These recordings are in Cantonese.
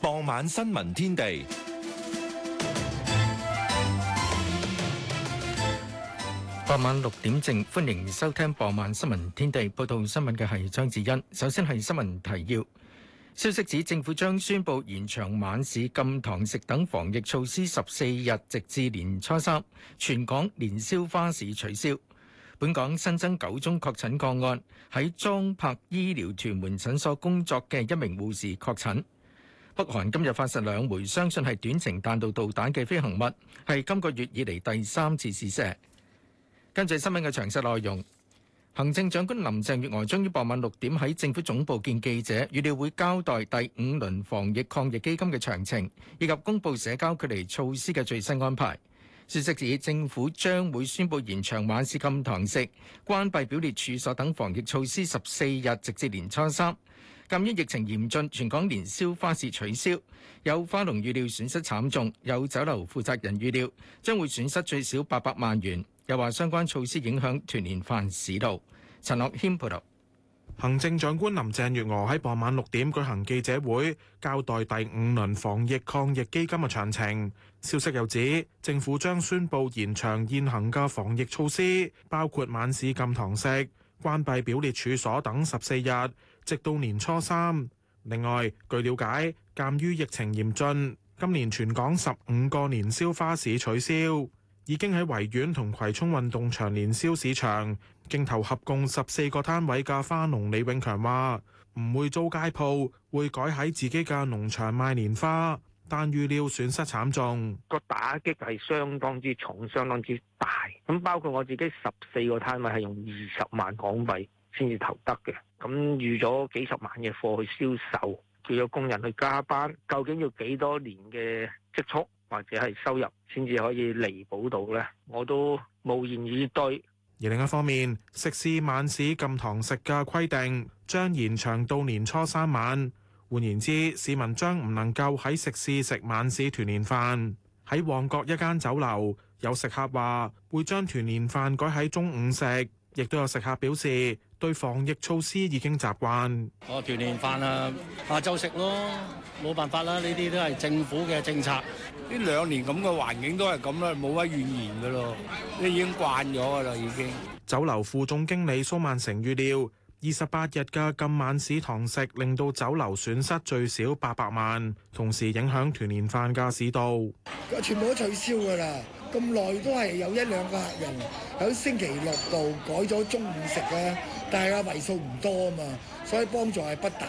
傍晚新聞天地，傍晚六點正，歡迎收聽《傍晚新聞天地》。報道新聞嘅係張智欣。首先係新聞提要：消息指政府將宣布延長晚市禁堂食等防疫措施十四日，直至年初三。全港年宵花市取消。本港新增九宗確診個案，喺莊柏醫療屯門診所工作嘅一名護士確診。北韓今日發射兩枚，相信係短程彈道導彈嘅飛行物，係今個月以嚟第三次試射。跟住新聞嘅詳細內容，行政長官林鄭月娥將於傍晚六點喺政府總部見記者，預料會交代第五輪防疫抗疫基金嘅詳情，以及公布社交距離措施嘅最新安排。消息指，政府將會宣布延長晚市禁堂食、關閉表列處所等防疫措施十四日，直至年初三。鑑於疫情嚴峻，全港年宵花市取消，有花農預料損失慘重；有酒樓負責人預料將會損失最少八百萬元，又話相關措施影響團年飯市道。陳樂軒報道。行政長官林鄭月娥喺傍晚六點舉行記者會，交代第五輪防疫抗疫基金嘅詳情。消息又指，政府將宣布延長現行嘅防疫措施，包括晚市禁堂食、關閉表列處所等十四日。直到年初三。另外，據了解，鑑於疫情嚴峻，今年全港十五個年宵花市取消。已經喺維園同葵涌運動場年宵市場，競投合共十四個攤位嘅花農李永強話：唔會租街鋪，會改喺自己嘅農場賣年花，但預料損失慘重。個打擊係相當之重，相當之大。咁包括我自己十四個攤位係用二十萬港幣。先至投得嘅，咁預咗幾十萬嘅貨去銷售，叫咗工人去加班，究竟要幾多年嘅積蓄或者係收入先至可以彌補到呢？我都無言以對。而另一方面，食肆晚市禁堂食嘅規定將延長到年初三晚，換言之，市民將唔能夠喺食肆食晚市團年飯。喺旺角一間酒樓，有食客話會將團年飯改喺中午食。亦都有食客表示，對防疫措施已經習慣。我團年飯啊，下晝食咯，冇辦法啦，呢啲都係政府嘅政策。呢兩年咁嘅環境都係咁啦，冇乜怨言噶咯，你已經慣咗噶啦，已經。酒樓副總經理蘇萬成預料，二十八日嘅禁晚市堂食令到酒樓損失最少八百萬，同時影響團年飯嘅市道。全部都取消噶啦。咁耐都係有一兩個客人喺星期六度改咗中午食啊，但係為數唔多啊嘛，所以幫助係不大。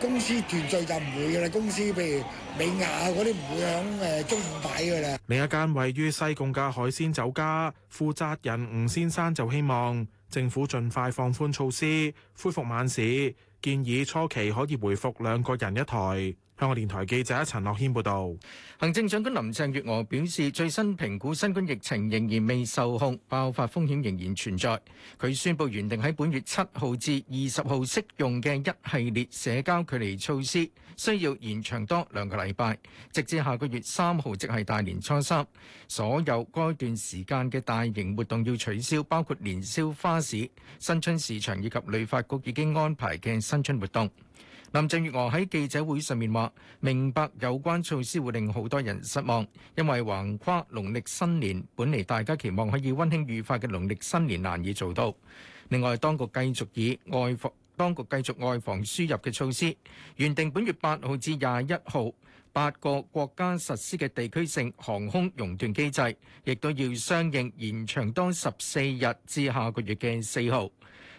公司團聚就唔會啦，公司譬如美亞嗰啲唔會響誒中午擺㗎啦。另一間位於西貢嘅海鮮酒家負責人吳先生就希望政府盡快放寬措施，恢復晚市，建議初期可以回復兩個人一枱。香港電台記者陳樂軒報道，行政長官林鄭月娥表示，最新評估，新冠疫情仍然未受控，爆發風險仍然存在。佢宣布原定喺本月七號至二十號適用嘅一系列社交距離措施，需要延長多兩個禮拜，直至下個月三號，即係大年初三。所有該段時間嘅大型活動要取消，包括年宵花市、新春市場以及旅發局已經安排嘅新春活動。林鄭月娥喺記者會上面話，明白有關措施會令好多人失望，因為橫跨農曆新年，本嚟大家期望可以温馨愉快嘅農曆新年難以做到。另外，當局繼續以外防當局繼續外防輸入嘅措施，原定本月八號至廿一號八個國家實施嘅地區性航空熔斷機制，亦都要相應延長多十四日至下個月嘅四號。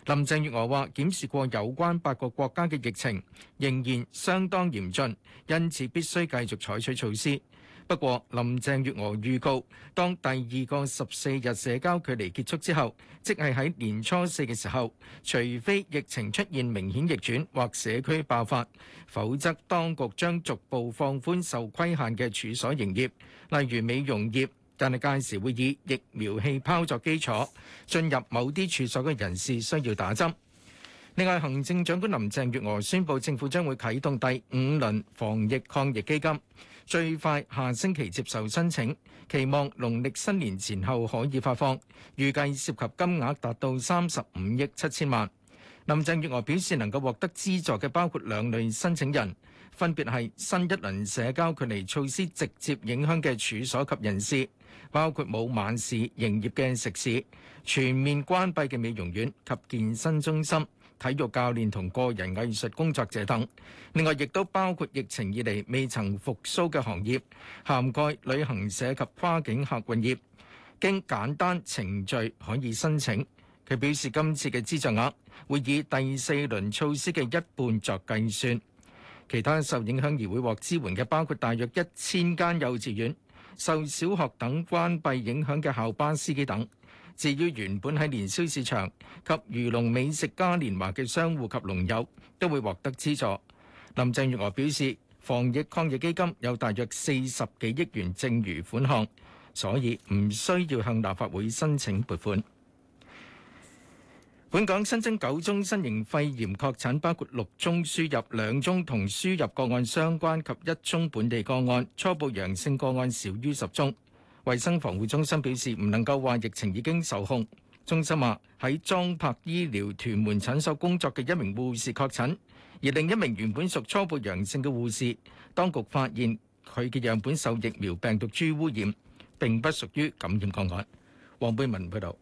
林鄭月娥話：檢視過有關八個國家嘅疫情，仍然相當嚴峻，因此必須繼續採取措施。不過，林鄭月娥預告，當第二個十四日社交距離結束之後，即係喺年初四嘅時候，除非疫情出現明顯逆轉或社區爆發，否則當局將逐步放寬受規限嘅處所營業，例如美容業。但係屆時會以疫苗氣泡作基礎，進入某啲處所嘅人士需要打針。另外，行政長官林鄭月娥宣布政府將會啟動第五輪防疫抗疫基金，最快下星期接受申請，期望農曆新年前後可以發放，預計涉及金額達到三十五億七千萬。林鄭月娥表示，能夠獲得資助嘅包括兩類申請人，分別係新一輪社交距離措施直接影響嘅處所及人士，包括冇晚市營業嘅食肆、全面關閉嘅美容院及健身中心、體育教練同個人藝術工作者等。另外，亦都包括疫情以嚟未曾復蘇嘅行業，涵蓋旅行社及跨境客運業。經簡單程序可以申請，佢表示，今次嘅資助額會以第四輪措施嘅一半作計算。其他受影響而會獲支援嘅包括大約一千間幼稚園。受小學等關閉影響嘅校巴司機等，至於原本喺年宵市場及魚龍美食嘉年華嘅商戶及農友，都會獲得資助。林鄭月娥表示，防疫抗疫基金有大約四十幾億元剩餘款項，所以唔需要向立法會申請撥款。本港新增九宗新型肺炎確診，包括六宗輸入、兩宗同輸入個案相關及一宗本地個案。初步陽性個案少於十宗。衛生防護中心表示，唔能夠話疫情已經受控。中心話喺莊柏醫療屯門診所工作嘅一名護士確診，而另一名原本屬初步陽性嘅護士，當局發現佢嘅樣本受疫苗病毒株污染，並不屬於感染個案。黃貝文報導。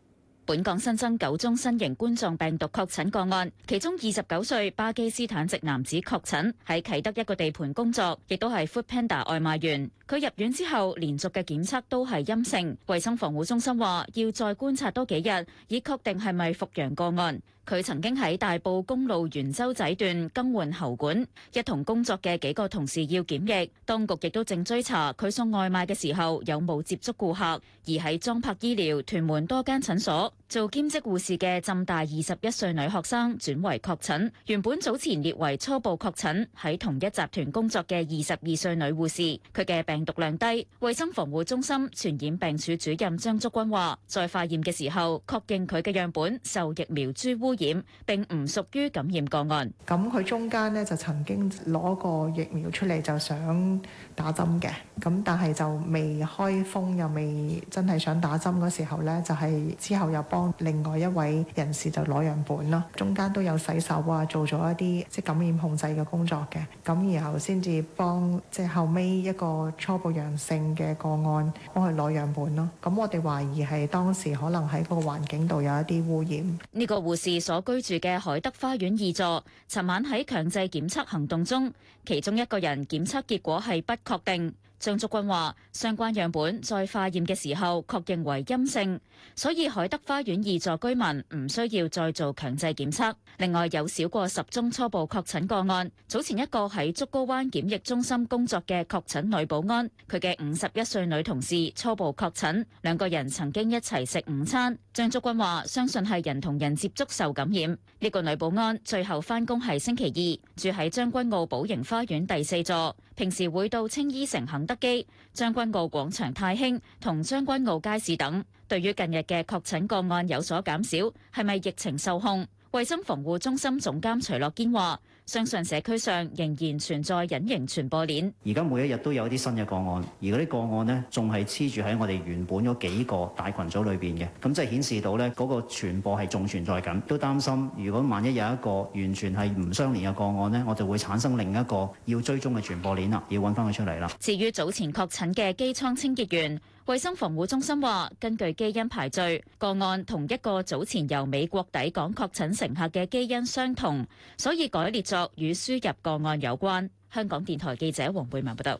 本港新增九宗新型冠狀病毒確診個案，其中二十九歲巴基斯坦籍男子確診，喺啟德一個地盤工作，亦都係 Foodpanda 外賣員。佢入院之後連續嘅檢測都係陰性。衛生防護中心話要再觀察多幾日，以確定係咪復陽個案。佢曾經喺大埔公路元洲仔段更換喉管，一同工作嘅幾個同事要檢疫，當局亦都正追查佢送外賣嘅時候有冇接觸顧客。而喺莊柏醫療屯門多間診所做兼職護士嘅浸大二十一歲女學生轉為確診，原本早前列為初步確診，喺同一集團工作嘅二十二歲女護士，佢嘅病毒量低。衞生防護中心傳染病處主任張竹君話：在化驗嘅時候確認佢嘅樣本受疫苗株污染。染並唔屬於感染個案。咁佢中間咧就曾經攞過疫苗出嚟，就想打針嘅。咁但係就未開封，又未真係想打針嗰時候咧，就係之後又幫另外一位人士就攞樣本咯。中間都有洗手啊，做咗一啲即感染控制嘅工作嘅。咁然後先至幫即係後尾一個初步陽性嘅個案幫佢攞樣本咯。咁我哋懷疑係當時可能喺嗰個環境度有一啲污染。呢個護士，所居住嘅海德花園二座，尋晚喺強制檢測行動中，其中一個人檢測結果係不確定。張竹君話：相關樣本在化驗嘅時候確認為陰性，所以海德花園二座居民唔需要再做強制檢測。另外有少過十宗初步確診個案，早前一個喺竹篙灣檢疫中心工作嘅確診女保安，佢嘅五十一歲女同事初步確診，兩個人曾經一齊食午餐。張竹君話：相信係人同人接觸受感染。呢個女保安最後翻工係星期二，住喺將軍澳寶盈花園第四座。平時會到青衣城、肯德基、將軍澳廣場、太興同將軍澳街市等。對於近日嘅確診個案有所減少，係咪疫情受控？衞生防護中心總監徐樂堅話。相信社區上仍然存在隱形傳播鏈。而家每一日都有啲新嘅個案，而嗰啲個案呢，仲係黐住喺我哋原本嗰幾個大群組裏邊嘅，咁即係顯示到呢嗰個傳播係仲存在緊。都擔心如果萬一有一個完全係唔相連嘅個案呢，我就會產生另一個要追蹤嘅傳播鏈啦，要揾翻佢出嚟啦。至於早前確診嘅機艙清潔員。衛生防護中心話，根據基因排序，個案同一個早前由美國抵港確診乘客嘅基因相同，所以改列作與輸入個案有關。香港電台記者黃貝文報道。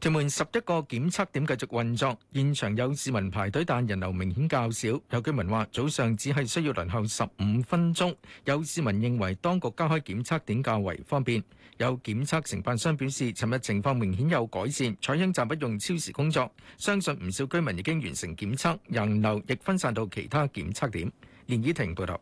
屯門十一個檢測點繼續運作，現場有市民排隊，但人流明顯較少，有居民話，早上只係需要輪候十五分鐘。有市民認為當局加開檢測點較為方便，有檢測承辦商表示，尋日情況明顯有改善，採樣站不用超時工作，相信唔少居民已經完成檢測，人流亦分散到其他檢測點。連倚婷報導。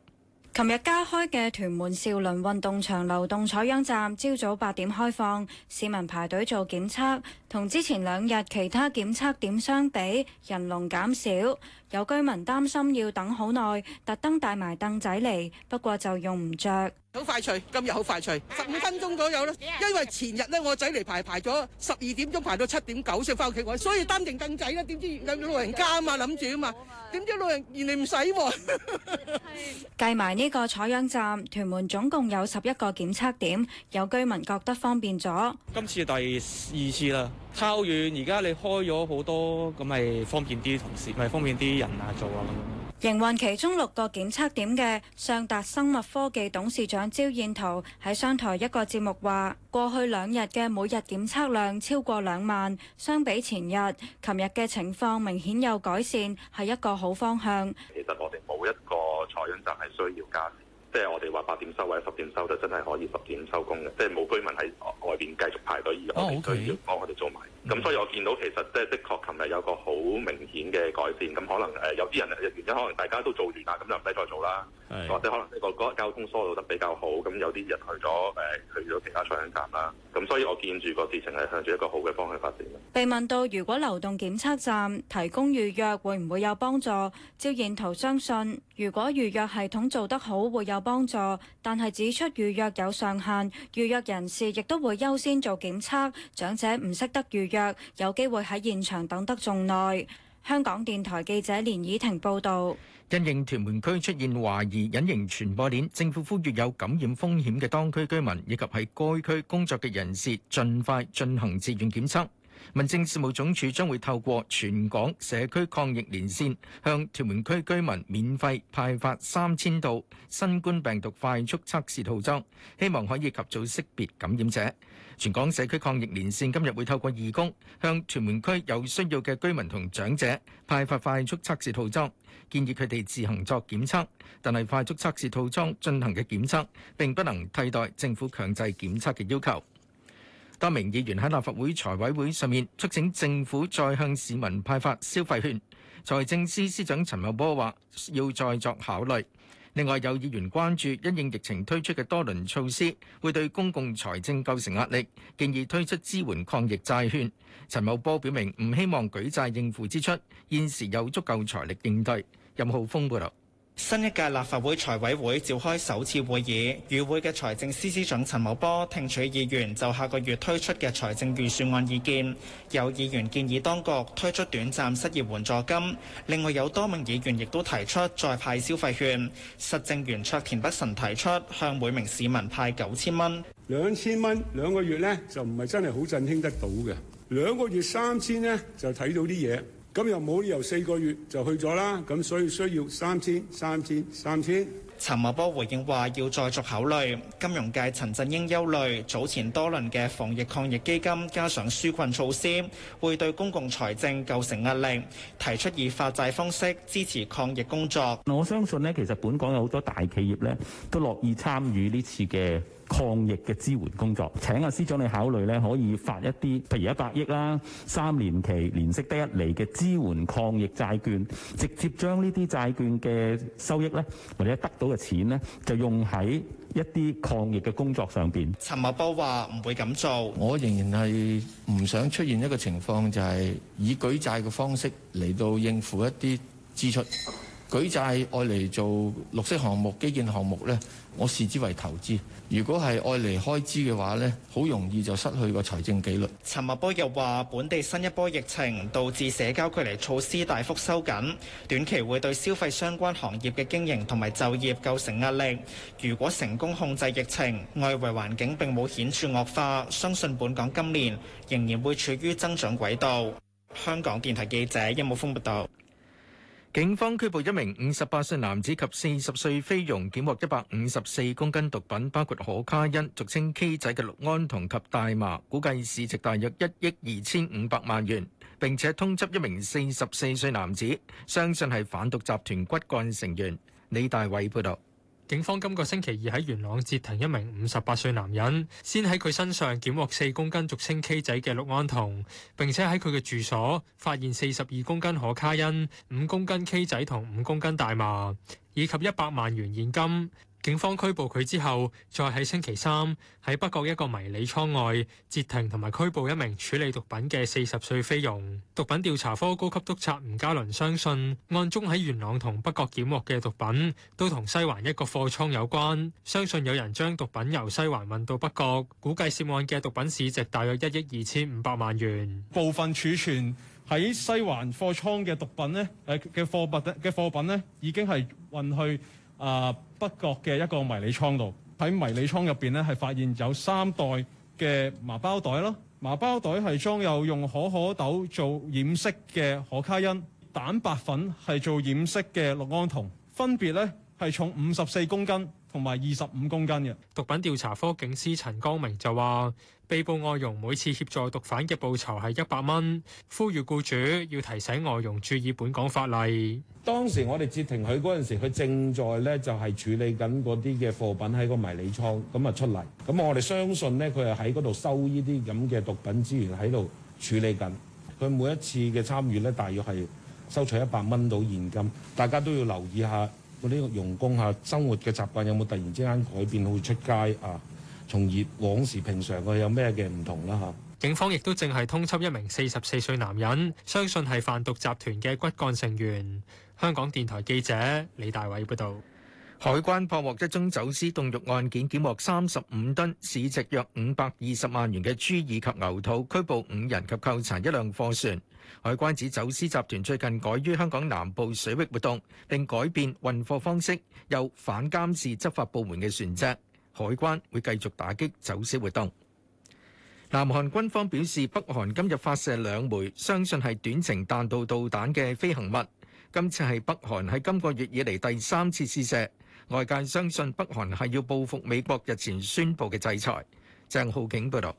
琴日加開嘅屯門兆麟運動場流動採樣站，朝早八點開放，市民排隊做檢測。同之前兩日其他檢測點相比，人龍減少。有居民擔心要等好耐，特登帶埋凳仔嚟，不過就用唔着。好快脆，今日好快脆，十五分鐘左右咯。因為前日咧，我仔嚟排排咗十二點鐘排到七點九，先翻屋企玩，所以擔定凳仔啦。點知有老人家啊嘛，諗住啊嘛，點知老人，原來唔使喎。計埋呢個採樣站，屯門總共有十一個檢測點，有居民覺得方便咗。今次第二次啦。超遠，而家你開咗好多，咁咪方便啲同事，咪方便啲人啊做啊咁樣。營運其中六個檢測點嘅上達生物科技董事長焦燕桃喺商台一個節目話，過去兩日嘅每日檢測量超過兩萬，相比前日、琴日嘅情況明顯有改善，係一個好方向。其實我哋冇一個採樣站係需要加。即係我哋話八點收，或者十點收，就真係可以十點收工嘅，即係冇居民喺外邊繼續排隊，而外邊都要幫我哋做埋。咁所以我見到其實即係的確，琴日有個好明顯嘅改變。咁可能誒有啲人原因，可能大家都做完啦，咁就唔使再做啦，是或者可能呢個交通疏導得比較好。咁有啲人去咗誒去咗其他採樣站啦。咁所以我見住個事情係向住一個好嘅方向發展。被問到如果流動檢測站提供預約，會唔會有幫助？趙彥圖相信，如果預約系統做得好，會有幫助，但係指出預約有上限，預約人士亦都會優先做檢測。長者唔識得預約，有機會喺現場等得仲耐。香港電台記者連以婷報導。因應屯門區出現懷疑隱形傳播鏈，政府呼籲有感染風險嘅當區居民以及喺該區工作嘅人士，盡快進行自願檢測。民政事務總署將會透過全港社區抗疫連線，向屯門區居民免費派發三千套新冠病毒快速測試套裝，希望可以及早識別感染者。全港社區抗疫連線今日會透過義工向屯門區有需要嘅居民同長者派發快速測試套裝，建議佢哋自行作檢測。但係快速測試套裝進行嘅檢測並不能替代政府強制檢測嘅要求。多名議員喺立法會財委會上面，促請政府再向市民派發消費券。財政司司長陳茂波話要再作考慮。另外，有議員關注，因應疫情推出嘅多輪措施，會對公共財政構成壓力，建議推出支援抗疫債券。陳茂波表明，唔希望舉債應付支出，現時有足夠財力應對，任浩峰報道。新一屆立法會財委會召開首次會議，與會嘅財政司司長陳茂波聽取議員就下個月推出嘅財政預算案意見。有議員建議當局推出短暫失業援助金，另外有多名議員亦都提出再派消費券。實政圓桌田北辰提出向每名市民派九千蚊，兩千蚊兩個月呢，就唔係真係好振興得到嘅，兩個月三千呢，就睇到啲嘢。咁又冇理由四個月就去咗啦，咁所以需要三千、三千、三千。陳茂波回應話：要再作考慮。金融界陳振英憂慮，早前多輪嘅防疫抗疫基金加上紓困措施，會對公共財政構成壓力，提出以發債方式支持抗疫工作。我相信呢，其實本港有好多大企業呢，都樂意參與呢次嘅。抗疫嘅支援工作，請阿司長你考慮咧，可以發一啲，譬如一百億啦，三年期、年息得一厘嘅支援抗疫債券，直接將呢啲債券嘅收益咧，或者得到嘅錢咧，就用喺一啲抗疫嘅工作上邊。陳茂波話唔會咁做，我仍然係唔想出現一個情況就係以舉債嘅方式嚟到應付一啲支出。舉債愛嚟做綠色項目、基建項目咧。我視之為投資，如果係愛嚟開支嘅話呢，好容易就失去個財政紀律。陳茂波又話：本地新一波疫情導致社交距離措施大幅收緊，短期會對消費相關行業嘅經營同埋就業構成壓力。如果成功控制疫情，外圍環境並冇顯著惡化，相信本港今年仍然會處於增長軌道。香港電台記者殷慕豐報道。警方拘捕一名五十八歲男子及四十歲菲傭，檢獲一百五十四公斤毒品，包括可卡因、俗稱 K 仔嘅氯胺酮及大麻，估計市值大約一億二千五百萬元。並且通緝一名四十四歲男子，相信係販毒集團骨幹成員，李大偉報道。警方今個星期二喺元朗截停一名五十八歲男人，先喺佢身上檢獲四公斤俗稱 K 仔嘅氯胺酮，並且喺佢嘅住所發現四十二公斤可卡因、五公斤 K 仔同五公斤大麻，以及一百萬元現金。警方拘捕佢之後，再喺星期三喺北角一個迷你倉外截停同埋拘捕一名處理毒品嘅四十歲菲傭。毒品調查科高級督察吳嘉倫相信，案中喺元朗同北角檢獲嘅毒品都同西環一個貨倉有關。相信有人將毒品由西環運到北角，估計涉案嘅毒品市值大約一億二千五百萬元。部分儲存喺西環貨倉嘅毒品，呃、品呢，誒嘅貨物嘅貨品呢已經係運去。啊！Uh, 北角嘅一個迷你倉度，喺迷你倉入面呢，呢係發現有三袋嘅麻包袋咯。麻包袋係裝有用可可豆做染色嘅可卡因，蛋白粉係做染色嘅氯胺酮，分別呢係重五十四公斤。同埋二十五公斤嘅毒品調查科警司陳光明就話，被捕外傭每次協助毒販嘅報酬係一百蚊，呼籲僱主要提醒外傭注意本港法例。當時我哋截停佢嗰陣時，佢正在咧就係處理緊嗰啲嘅貨品喺個迷你倉咁啊出嚟。咁我哋相信咧，佢係喺嗰度收呢啲咁嘅毒品資源喺度處理緊。佢每一次嘅參與咧，大約係收取一百蚊到現金。大家都要留意下。呢個傭工嚇生活嘅習慣有冇突然之間改變，會出街啊？從而往時平常佢有咩嘅唔同啦嚇。警方亦都正係通緝一名四十四歲男人，相信係販毒集團嘅骨幹成員。香港電台記者李大偉報導。海關破獲一宗走私凍肉案件，檢獲三十五噸，市值約五百二十萬元嘅豬耳及牛肚，拘捕五人及扣查一輛貨船。海關指走私集團最近改於香港南部水域活動，並改變運貨方式，有反監視。執法部門嘅船隻，海關會繼續打擊走私活動。南韓軍方表示，北韓今日發射兩枚相信係短程彈道導彈嘅飛行物。今次係北韓喺今個月以嚟，第三次試射。外界相信北韓係要報復美國日前宣布嘅制裁。鄭浩景報道，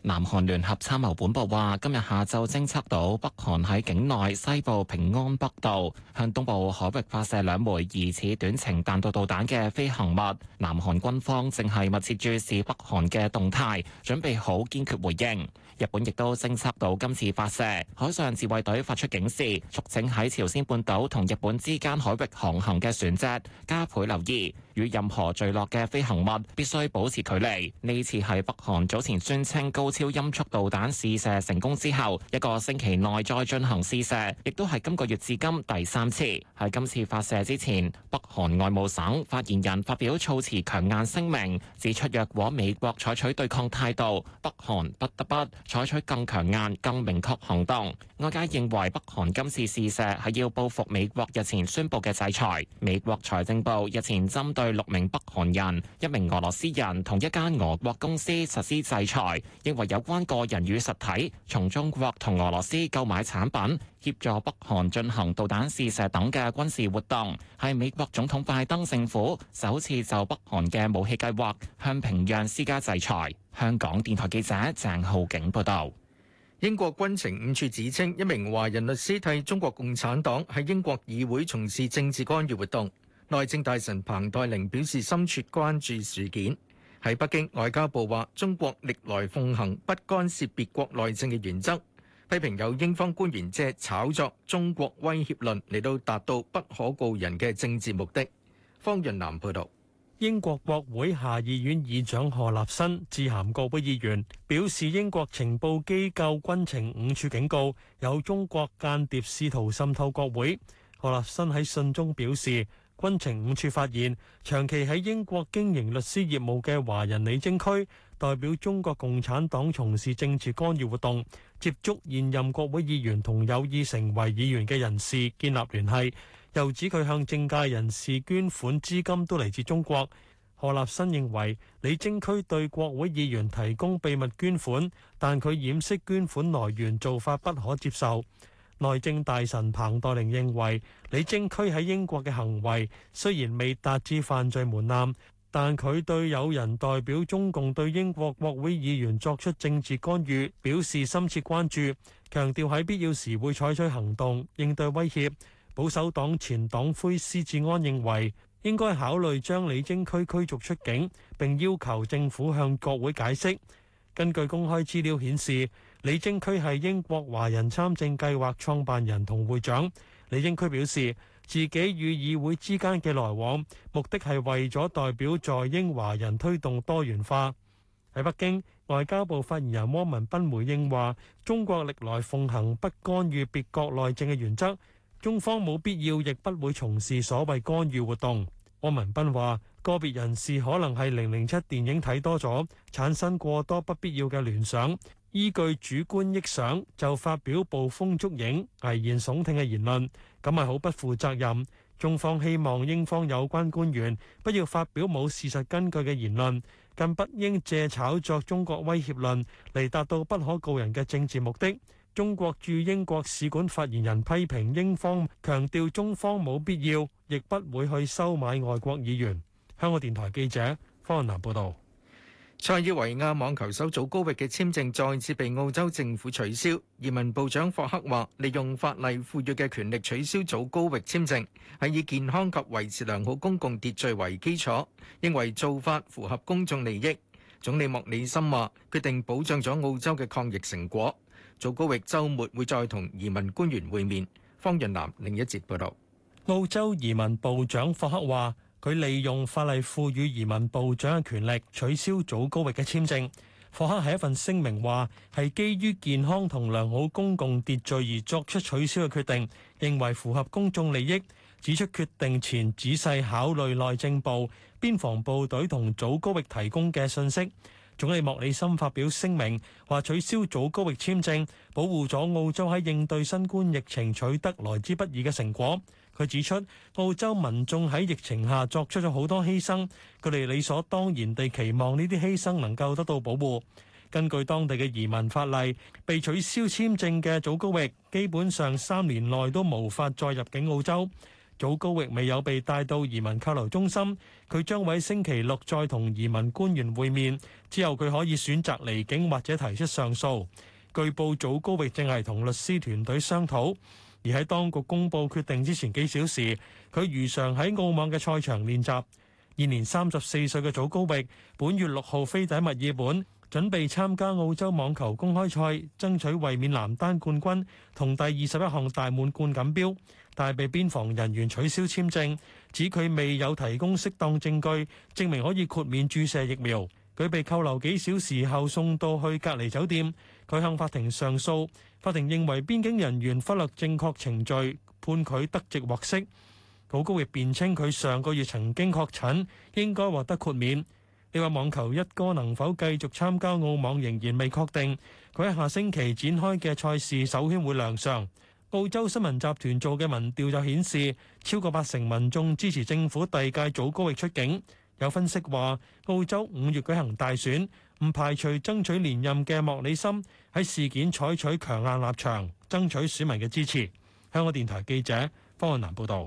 南韓聯合參謀本部話，今日下晝偵測到北韓喺境內西部平安北道向東部海域發射兩枚疑似短程彈道導彈嘅飛行物。南韓軍方正係密切注視北韓嘅動態，準備好堅決回應。日本亦都偵測到今次發射，海上自衛隊發出警示，促請喺朝鮮半島同日本之間海域航行嘅船隻加倍留意。與任何墜落嘅飛行物必須保持距離。呢次係北韓早前宣稱高超音速導彈試射成功之後，一個星期內再進行試射，亦都係今個月至今第三次。喺今次發射之前，北韓外務省發言人發表措辭強硬聲明，指出若果美國採取對抗態度，北韓不得不採取更強硬、更明確行動。外界認為北韓今次試射係要報復美國日前宣布嘅制裁。美國財政部日前針對六名北韓人、一名俄羅斯人，同一間俄國公司實施制裁，認為有關個人與實體從中國同俄羅斯購買產品，協助北韓進行導彈試射等嘅軍事活動，係美國總統拜登政府首次就北韓嘅武器計劃向平壤施加制裁。香港電台記者鄭浩景報道。英國軍情五處指稱，一名華人律師替中國共產黨喺英國議會從事政治干預活動。內政大臣彭黛玲表示深切關注事件。喺北京，外交部話中國歷來奉行不干涉別國內政嘅原則，批評有英方官員借炒作中國威脅論嚟到達到不可告人嘅政治目的。方潤南報導。英國國會下議院議長何立新致函國會議員，表示英國情報機構軍情五處警告有中國間諜試圖滲透國會。何立新喺信中表示。軍情五處發現，長期喺英國經營律師業務嘅華人李征區，代表中國共產黨從事政治干預活動，接觸現任國會議員同有意成為議員嘅人士建立聯繫。又指佢向政界人士捐款資金都嚟自中國。何立新認為，李征區對國會議員提供秘密捐款，但佢掩飾捐款來源做法不可接受。內政大臣彭黛玲認為，李貞駒喺英國嘅行為雖然未達至犯罪門檻，但佢對有人代表中共對英國國會議員作出政治干預表示深切關注，強調喺必要時會採取行動應對威脅。保守黨前黨魁施志安認為應該考慮將李貞駒驅逐出境，並要求政府向國會解釋。根據公開資料顯示，李貞駒係英國華人參政計劃創辦人同會長。李英區表示，自己與議會之間嘅來往，目的係為咗代表在英華人推動多元化。喺北京，外交部發言人汪文斌回應話，中國歷來奉行不干預別國內政嘅原則，中方冇必要亦不會從事所謂干預活動。汪文斌話，個別人士可能係《零零七》電影睇多咗，產生過多不必要嘅聯想。依據主觀臆想就發表捕風捉影、危言聳聽嘅言論，咁係好不負責任。中方希望英方有關官員不要發表冇事實根據嘅言論，更不應借炒作中國威脅論嚟達到不可告人嘅政治目的。中國駐英國使館發言人批評英方，強調中方冇必要，亦不會去收買外國議員。香港電台記者方雲南報道。塞爾維亞網球手祖高域嘅簽證再次被澳洲政府取消。移民部長霍克話：利用法例賦予嘅權力取消祖高域簽證，係以健康及維持良好公共秩序為基礎，認為做法符合公眾利益。總理莫里森話：決定保障咗澳洲嘅抗疫成果。祖高域周末會再同移民官員會面。方潤南另一節報道。澳洲移民部長霍克話。佢利用法例賦予移民部長嘅權力取消祖高域嘅簽證。霍克喺一份聲明話：係基於健康同良好公共秩序而作出取消嘅決定，認為符合公眾利益。指出決定前仔細考慮內政部、邊防部隊同祖高域提供嘅信息。總理莫里森發表聲明話：取消祖高域簽證，保護咗澳洲喺應對新冠疫情取得來之不易嘅成果。佢指出，澳洲民眾喺疫情下作出咗好多犧牲，佢哋理所當然地期望呢啲犧牲能夠得到保護。根據當地嘅移民法例，被取消簽證嘅祖高域基本上三年內都無法再入境澳洲。祖高域未有被帶到移民扣留中心，佢將會喺星期六再同移民官員會面，之後佢可以選擇離境或者提出上訴。據報祖高域正係同律師團隊商討。而喺當局公佈決定之前幾小時，佢如常喺澳網嘅賽場練習。現年三十四歲嘅祖高域，本月六號飛抵墨爾本，準備參加澳洲網球公開賽，爭取衛冕男單冠軍同第二十一項大滿貫錦標，但係被邊防人員取消簽證，指佢未有提供適當證據證明可以豁免注射疫苗。佢被扣留幾小時後，送到去隔離酒店。佢向法庭上訴，法庭認為邊境人員忽略正確程序，判佢得直獲釋。高域亦辯稱佢上個月曾經確診，應該獲得豁免。呢位網球一哥能否繼續參加澳網仍然未確定。佢喺下星期展開嘅賽事首圈會亮相。澳洲新聞集團做嘅民調就顯示，超過八成民眾支持政府遞解高域出境。有分析話，澳洲五月舉行大選，唔排除爭取連任嘅莫里森。喺事件採取強硬立場，爭取市民嘅支持。香港電台記者方韻南報道。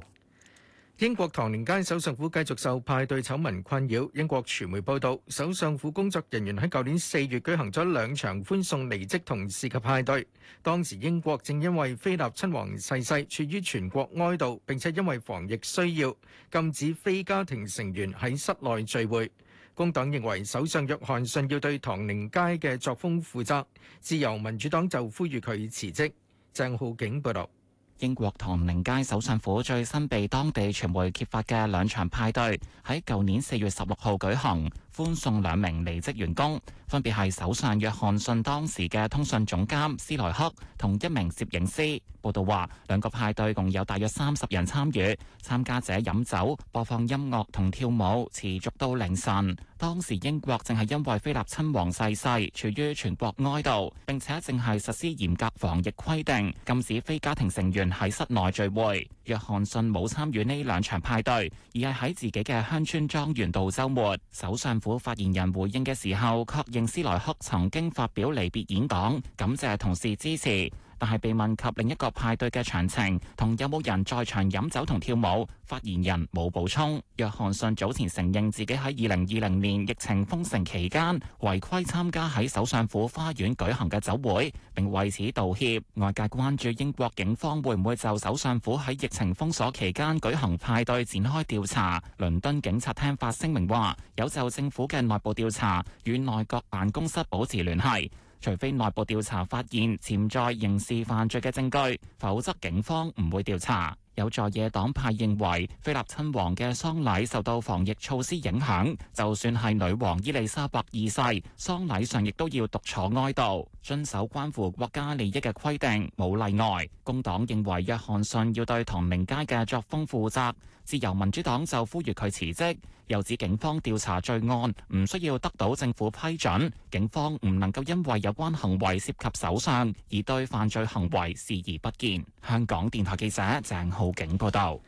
英國唐寧街首相府繼續受派對醜聞困擾。英國傳媒報道，首相府工作人員喺舊年四月舉行咗兩場歡送離職同事嘅派對。當時英國正因為菲臘親王逝世，世處於全國哀悼，並且因為防疫需要禁止非家庭成員喺室內聚會。工黨認為首相約翰遜要對唐寧街嘅作風負責，自由民主黨就呼籲佢辭職。鄭浩景報道，英國唐寧街首相府最新被當地傳媒揭發嘅兩場派對，喺舊年四月十六號舉行。歡送兩名離職員工，分別係首相約翰遜當時嘅通訊總監斯萊克同一名攝影師。報道話，兩個派對共有大約三十人參與，參加者飲酒、播放音樂同跳舞，持續到凌晨。當時英國正係因為菲臘親王逝世，世，處於全國哀悼，並且正係實施嚴格防疫規定，禁止非家庭成員喺室內聚會。約翰遜冇參與呢兩場派對，而係喺自己嘅鄉村莊園度週末。首相府發言人回應嘅時候，確認斯萊克曾經發表離別演講，感謝同事支持。但係被問及另一個派對嘅詳情，同有冇人在場飲酒同跳舞，發言人冇補充。約翰遜早前承認自己喺二零二零年疫情封城期間違規參加喺首相府花園舉行嘅酒會，並為此道歉。外界關注英國警方會唔會就首相府喺疫情封鎖期間舉行派對展開調查。倫敦警察廳發聲明話，有就政府嘅內部調查與內閣辦公室保持聯繫。除非內部調查發現潛在刑事犯罪嘅證據，否則警方唔會調查。有在野黨派認為，菲立親王嘅喪禮受到防疫措施影響，就算係女王伊麗莎白二世喪禮上，亦都要獨坐哀悼，遵守關乎國家利益嘅規定，冇例外。工黨認為約翰遜要對唐寧街嘅作風負責。自由民主黨就呼籲佢辭職，又指警方調查罪案唔需要得到政府批准，警方唔能夠因為有關行為涉及首相而對犯罪行為視而不見。香港電台記者鄭浩景報道。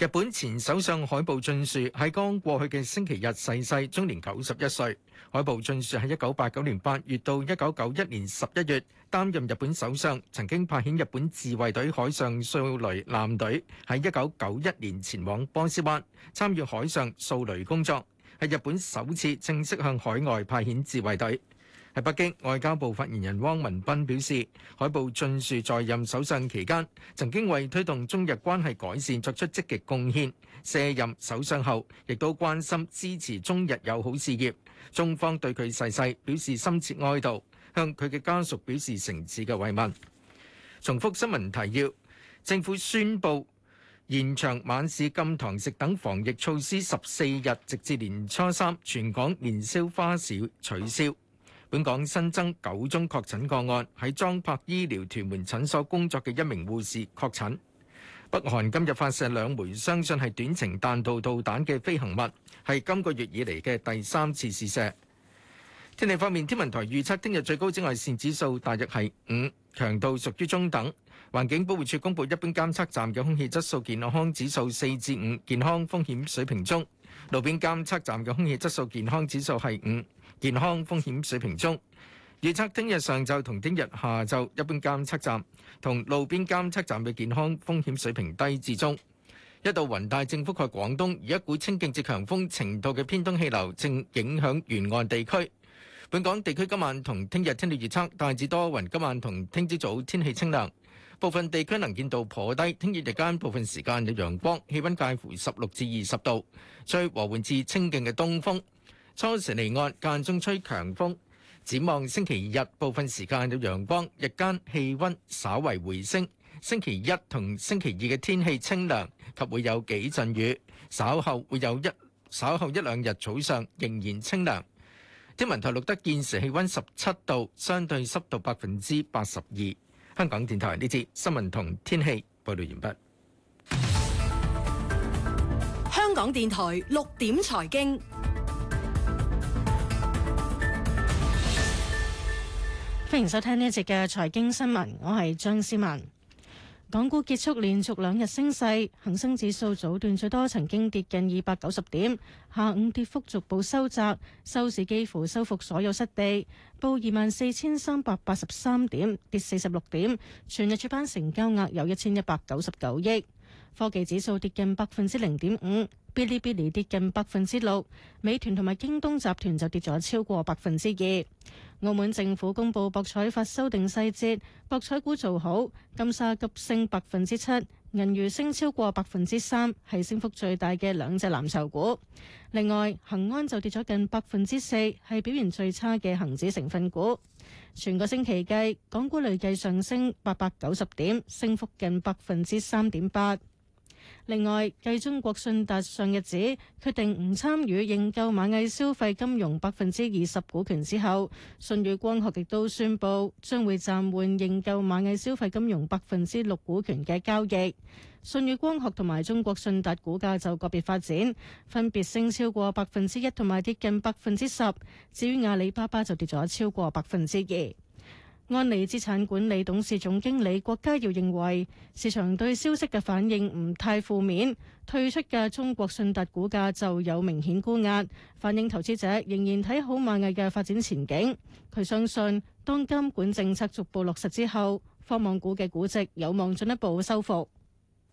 日本前首相海部俊樹喺剛過去嘅星期日逝世，終年九十一歲。海部俊樹喺一九八九年八月到一九九一年十一月擔任日本首相，曾經派遣日本自衛隊海上掃雷艦隊喺一九九一年前往波斯灣參與海上掃雷工作，係日本首次正式向海外派遣自衛隊。喺北京，外交部發言人汪文斌表示，海部俊樹在任首相期間，曾經為推動中日關係改善作出積極貢獻。卸任首相後，亦都關心支持中日友好事業，中方對佢逝世表示深切哀悼，向佢嘅家屬表示誠摯嘅慰問。重複新聞提要：政府宣布延長晚市、禁堂食等防疫措施十四日，直至年初三。全港年宵花市取消。本港新增九宗確診個案，喺莊柏醫療屯門診所工作嘅一名護士確診。北韓今日發射兩枚相信係短程彈道導彈嘅飛行物，係今個月以嚟嘅第三次試射。天氣方面，天文台預測聽日最高紫外線指數大約係五，強度屬於中等。環境保護署公布，一般監測站嘅空氣質素健康指數四至五，健康風險水平中。路邊監測站嘅空氣質素健康指數係五，健康風險水平中。預測聽日上晝同聽日下晝，一般監測站同路邊監測站嘅健康風險水平低至中。一道雲帶正覆蓋廣東，而一股清勁至強風程度嘅偏東氣流正影響沿岸地區。本港地區今晚同聽日天氣預測大致多雲，今晚同聽朝早天氣清涼。部分地區能見度頗低，聽日日間部分時間有陽光，氣温介乎十六至二十度，吹和緩至清勁嘅東風。初時離岸間中吹強風。展望星期日部分時間有陽光，日間氣温稍為回升。星期一同星期二嘅天氣清涼，及會有幾陣雨。稍後會有一，稍後一兩日早上仍然清涼。天文台錄得現時氣温十七度，相對濕度百分之八十二。香港電台呢節新聞同天氣報道完畢。香港電台六點財經，歡迎收聽呢一節嘅財經新聞，我係張思文。港股結束連續兩日升勢，恒生指數早段最多曾經跌近二百九十點，下午跌幅逐步收窄，收市幾乎收復所有失地，報二萬四千三百八十三點，跌四十六點。全日主板成交額有一千一百九十九億。科技指數跌近百分之零點五，Bilibili 跌近百分之六，美團同埋京東集團就跌咗超過百分之二。澳門政府公布博彩法修訂細節，博彩股做好，金沙急升百分之七，銀娛升超過百分之三，係升幅最大嘅兩隻藍籌股。另外，恒安就跌咗近百分之四，係表現最差嘅恒指成分股。全個星期計，港股累計上升八百九十點，升幅近百分之三點八。另外，繼中國信達上日指決定唔參與認購螞蟻消費金融百分之二十股權之後，舜宇光學亦都宣布將會暫緩認購螞蟻消費金融百分之六股權嘅交易。舜宇光學同埋中國信達股價就個別發展，分別升超過百分之一同埋跌近百分之十。至於阿里巴巴就跌咗超過百分之二。安利資產管理董事總經理郭家耀認為，市場對消息嘅反應唔太負面，退出嘅中國信達股價就有明顯沽壓，反映投資者仍然睇好螞蟻嘅發展前景。佢相信，當監管政策逐步落實之後，科網股嘅估值有望進一步修復。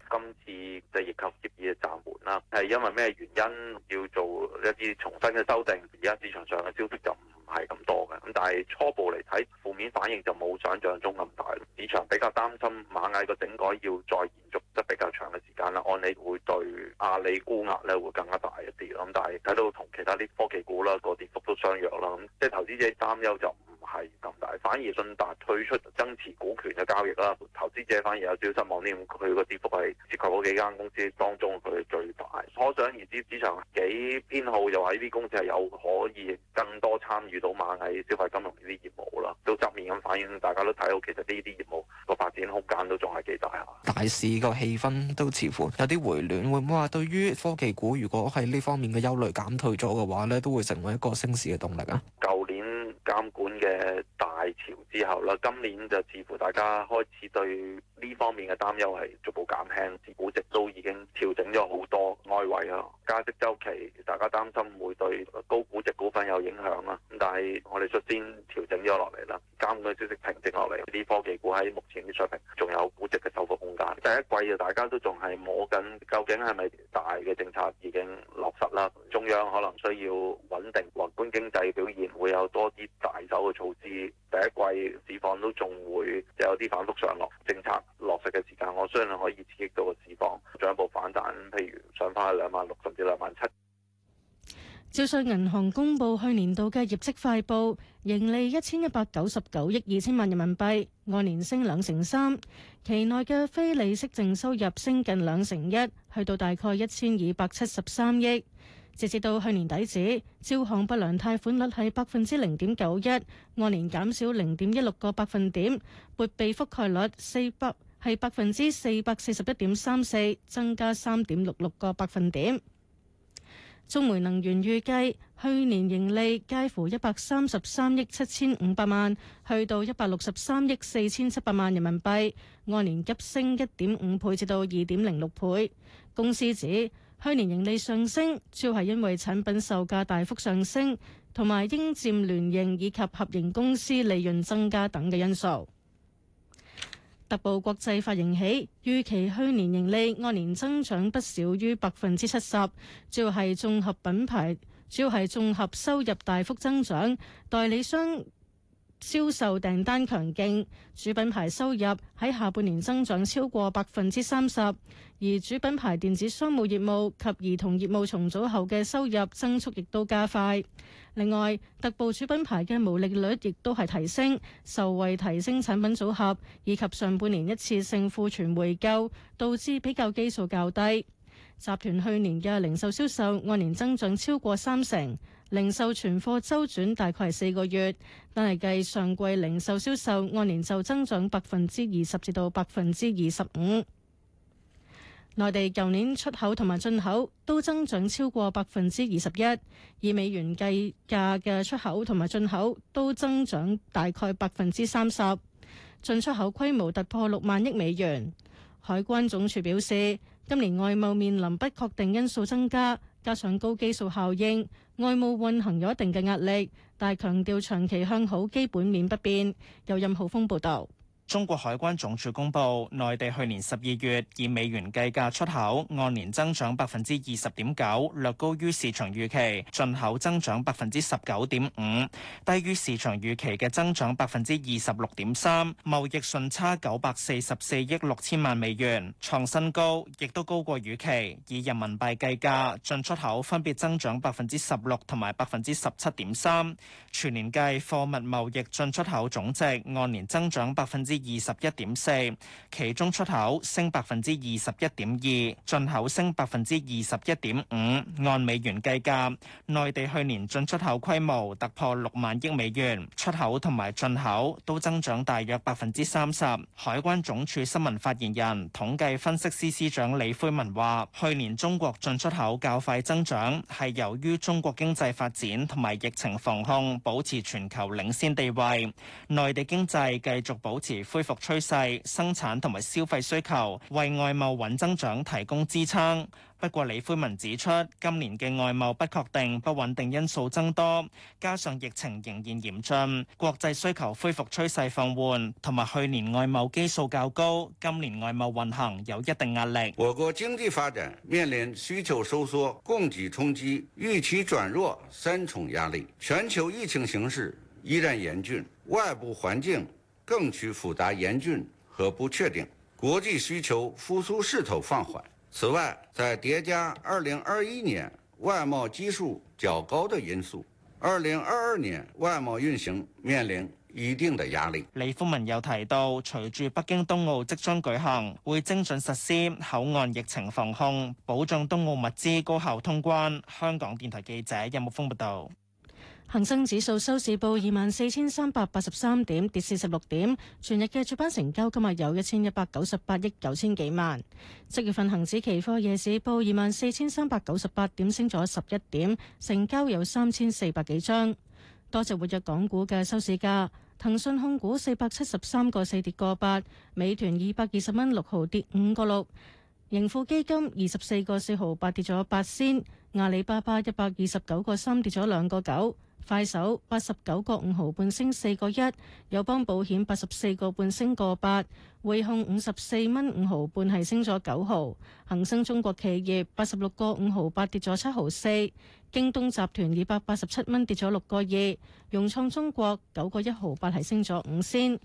今次即係涉及協議嘅暫緩啦，係因為咩原因？要做一啲重新嘅修訂，而家市場上嘅消息就唔係咁多嘅，咁但係初步嚟睇，負面反應就冇想象中咁大。市場比較擔心螞蟻個整改要再延續得比較長嘅時間啦。按理會對阿里估額呢會更加大一啲，咁但係睇到同其他啲科技股啦個跌幅都相若啦。咁即係投資者擔憂就唔係咁大，反而信達推出增持股權嘅交易啦，投資者反而有少少失望呢，佢個跌幅係涉及嗰幾間公司當中佢最大。可想而知，市場幾偏好又話呢啲公司係有可以更多參與。到螞蟻消費金融呢啲業務啦，都側面咁反映，大家都睇到，其實呢啲業務個發展空間都仲係幾大啊。大市個氣氛都似乎有啲回暖，會唔會話對於科技股，如果喺呢方面嘅憂慮減退咗嘅話咧，都會成為一個升市嘅動力啊？舊年監管嘅大潮之後啦，今年就似乎大家開始對方面嘅擔憂係逐步減輕，啲估值都已經調整咗好多外圍，外圍咯，加息周期大家擔心會對高估值股份有影響啊，咁但係我哋率先調整咗落嚟啦。監嘅消息平靜落嚟，啲科技股喺目前嘅水平，仲有估值嘅收復空間。第一季啊，大家都仲係摸緊，究竟係咪大嘅政策已經落實啦？中央可能需要穩定宏觀經濟表現，會有多啲大手嘅措施。第一季市況都仲會有啲反復上落，政策落實嘅時間，我相信可以刺激到個市況進一步反彈，譬如上翻去兩萬六甚至兩萬七。招商銀行公布去年度嘅業績快報，盈利一千一百九十九億二千萬人民幣，按年升兩成三。期內嘅非利息淨收入升近兩成一，去到大概一千二百七十三億。截至到去年底止，招行不良貸款率係百分之零點九一，按年減少零點一六個百分點。撥備覆蓋率四百係百分之四百四十一點三四，增加三點六六個百分點。中煤能源預計去年盈利介乎一百三十三億七千五百萬，去到一百六十三億四千七百萬人民幣，按年急升一點五倍至到二點零六倍。公司指去年盈利上升，主要係因為產品售價大幅上升，同埋應佔聯營以及合營公司利潤增加等嘅因素。特步國際發盈喜，預期去年盈利按年增長不少於百分之七十，主要係綜合品牌，主要係綜合收入大幅增長，代理商。銷售訂單強勁，主品牌收入喺下半年增長超過百分之三十，而主品牌電子商務業務及兒童業務重組後嘅收入增速亦都加快。另外，特步主品牌嘅毛利率亦都係提升，受惠提升產品組合以及上半年一次性庫存回購，導致比較基數較低。集團去年嘅零售銷售按年增長超過三成，零售存貨周轉大概係四個月。但係計上季零售銷售按年就增長百分之二十至到百分之二十五。內地舊年出口同埋進口都增長超過百分之二十一，以美元計價嘅出口同埋進口都增長大概百分之三十，進出口規模突破六萬億美元。海關總署表示，今年外貿面臨不確定因素增加，加上高基數效應，外貿運行有一定嘅壓力，但係強調長期向好基本面不變。有任浩峰報導。中國海關總署公布，內地去年十二月以美元計價出口按年增長百分之二十點九，略高於市場預期；進口增長百分之十九點五，低於市場預期嘅增長百分之二十六點三。貿易順差九百四十四億六千萬美元，創新高，亦都高過預期。以人民幣計價，進出口分別增長百分之十六同埋百分之十七點三。全年計貨物貿易進出口總值按年增長百分之二十一點四，其中出口升百分之二十一點二，進口升百分之二十一點五。按美元計價，內地去年進出口規模突破六萬億美元，出口同埋進口都增長大約百分之三十。海關總署新聞發言人、統計分析司司長李魁文話：去年中國進出口較快增長，係由於中國經濟發展同埋疫情防控保持全球領先地位，內地經濟繼續保持。恢復趨勢、生產同埋消費需求，為外貿穩增長提供支撐。不過李魁文指出，今年嘅外貿不確定、不穩定因素增多，加上疫情仍然嚴峻，國際需求恢復趨勢放緩，同埋去年外貿基數較高，今年外貿運行有一定壓力。我國經濟發展面臨需求收縮、供給衝擊、預期轉弱三重壓力，全球疫情形勢依然嚴峻，外部環境。更趨複雜、嚴峻和不確定，國際需求復甦勢頭放緩。此外，再疊加二零二一年外貿基數較高的因素，二零二二年外貿運行面臨一定的壓力。李富文又提到，隨住北京冬奧即將舉行，會精準實施口岸疫情防控，保障冬奧物資高效通關。香港電台記者任木峰報道。恒生指數收市報二萬四千三百八十三點，跌四十六點。全日嘅主板成交今日有一千一百九十八億九千幾萬。七月份恒指期貨夜市報二萬四千三百九十八點，升咗十一點，成交有三千四百幾張。多隻活躍港股嘅收市價：騰訊控股四百七十三個四跌個八，美團二百二十蚊六毫跌五個六，盈富基金二十四個四毫八跌咗八仙，阿里巴巴一百二十九個三跌咗兩個九。快手八十九個五毫半升，四個一；友邦保險八十四個半升個八，匯控五十四蚊五毫半係升咗九毫。恒生中國企業八十六個五毫八跌咗七毫四，京東集團二百八十七蚊跌咗六個二，融創中國九個一毫八係升咗五仙。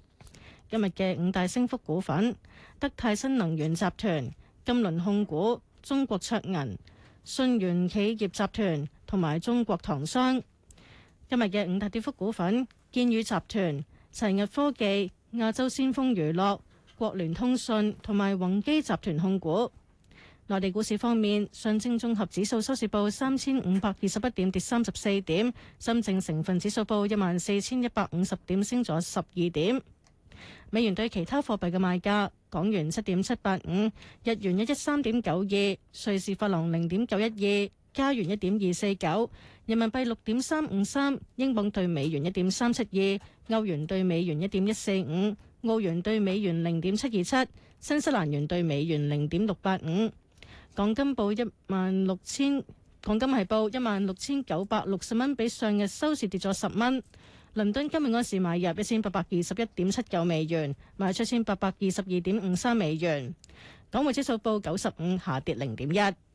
今日嘅五大升幅股份：德泰新能源集團、金輪控股、中國卓銀、信源企業集團同埋中國唐商。今日嘅五大跌幅股份：建宇集團、齊日科技、亞洲先鋒娛樂、國聯通訊同埋宏基集團控股。內地股市方面，上證綜合指數收市報三千五百二十一點，跌三十四點；深證成分指數報一萬四千一百五十點，升咗十二點。美元對其他貨幣嘅賣價：港元七點七八五，日元一一三點九二，瑞士法郎零點九一二，加元一點二四九。人民幣六點三五三，英鎊兌美元一點三七二，歐元兌美元一點一四五，澳元兌美元零點七二七，新西蘭元兌美元零點六八五。港金報一萬六千，港金係報一萬六千九百六十蚊，比上日收市跌咗十蚊。倫敦今日嗰時買入一千八百二十一點七九美元，賣出一千八百二十二點五三美元。港匯指數報九十五，下跌零點一。